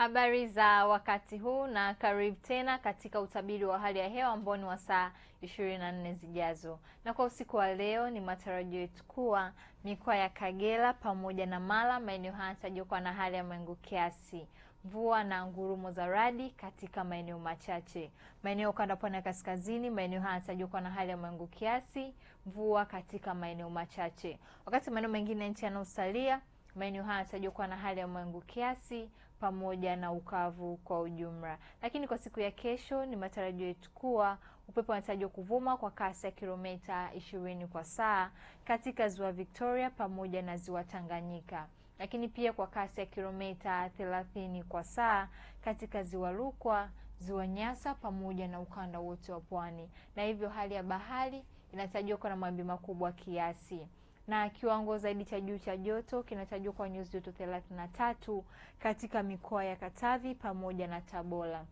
Habari za wakati huu na karibu tena katika utabiri wa hali ya hewa ambao ni wa saa 24 zijazo. Na kwa usiku wa leo, ni matarajio yetu kuwa mikoa ya Kagera pamoja na Mara, maeneo haya yatarajiwa kuwa na hali ya mawingu kiasi, mvua na ngurumo za radi katika maeneo machache. Maeneo ya ukanda pwani ya kaskazini, maeneo haya yatarajiwa kuwa na hali ya mawingu kiasi, mvua katika maeneo machache, wakati maeneo mengine ya nchi yanayosalia, maeneo haya yatarajiwa kuwa na hali ya mawingu kiasi pamoja na ukavu kwa ujumla. Lakini kwa siku ya kesho ni matarajio yetu kuwa upepo unatarajiwa kuvuma kwa kasi ya kilomita ishirini kwa saa katika ziwa Victoria pamoja na ziwa Tanganyika, lakini pia kwa kasi ya kilomita thelathini kwa saa katika ziwa Rukwa, ziwa Nyasa pamoja na ukanda wote wa pwani, na hivyo hali ya bahari inatarajiwa kuwa na mawimbi makubwa kiasi na kiwango zaidi cha juu cha joto kinatajwa kwa nyuzi joto 33 katika mikoa ya Katavi pamoja na Tabora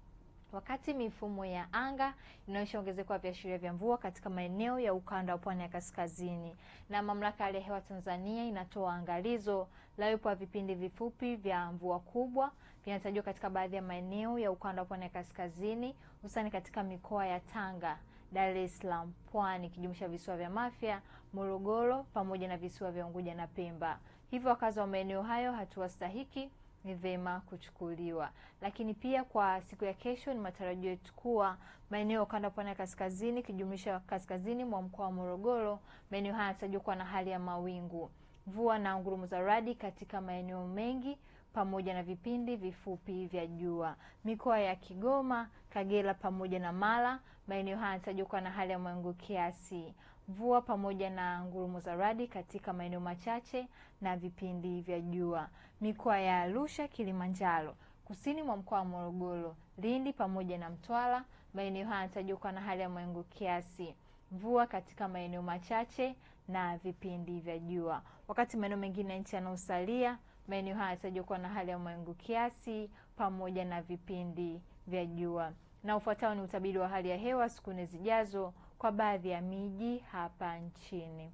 wakati mifumo ya anga inaonyesha ongezeko la viashiria vya mvua katika maeneo ya ukanda wa pwani ya kaskazini. Na mamlaka ya hali ya hewa Tanzania inatoa angalizo la uwepo wa vipindi vifupi vya mvua kubwa vinatarajiwa katika baadhi ya maeneo ya ukanda wa pwani ya kaskazini, hususani katika mikoa ya Tanga Dar es Salaam, Pwani ikijumuisha visiwa vya Mafia, Morogoro pamoja na visiwa vya Unguja na Pemba. Hivyo wakazi wa maeneo hayo, hatua stahiki ni vema kuchukuliwa. Lakini pia kwa siku ya kesho, ni matarajio yetu kuwa maeneo ya ukanda pwani ya kaskazini ikijumuisha kaskazini mwa mkoa wa Morogoro, maeneo haya yanatarajiwa kuwa na hali ya mawingu, mvua na ngurumo za radi katika maeneo mengi pamoja na vipindi vifupi vya jua. Mikoa ya Kigoma, Kagera pamoja na Mara, maeneo haya yanatajwa kuwa na hali ya mawingu kiasi, mvua pamoja na ngurumo za radi katika maeneo machache na vipindi vya jua. Mikoa ya Arusha, Kilimanjaro, kusini mwa mkoa wa Morogoro, Lindi pamoja na Mtwara, maeneo haya yanatajwa kuwa na hali ya mawingu kiasi, mvua katika maeneo machache na vipindi vya jua, wakati maeneo mengine ya nchi yanaosalia Maeneo haya yasiyokuwa na hali ya mawingu kiasi pamoja na vipindi vya jua. Na ufuatao ni utabiri wa hali ya hewa siku nne zijazo kwa baadhi ya miji hapa nchini.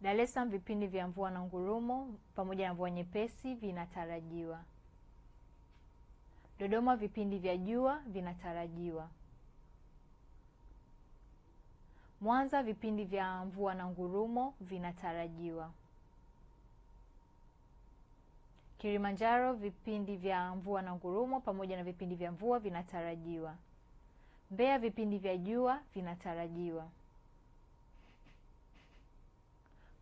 Dar es Salaam, vipindi vya mvua na ngurumo pamoja na mvua nyepesi vinatarajiwa. Dodoma, vipindi vya jua vinatarajiwa. Mwanza, vipindi vya mvua na ngurumo vinatarajiwa. Kilimanjaro vipindi vya mvua na ngurumo pamoja na vipindi vya mvua vinatarajiwa. Mbeya vipindi vya jua vinatarajiwa.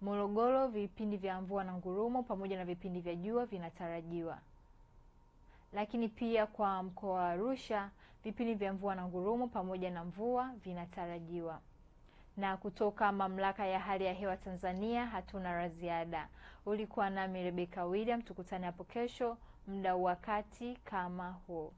Morogoro vipindi vya mvua na ngurumo pamoja na vipindi vya jua vinatarajiwa. Lakini pia kwa mkoa wa Arusha vipindi vya mvua na ngurumo pamoja na mvua vinatarajiwa. Na kutoka mamlaka ya hali ya hewa Tanzania hatuna la ziada. Ulikuwa nami rebeka William, tukutane hapo kesho muda wakati kama huo.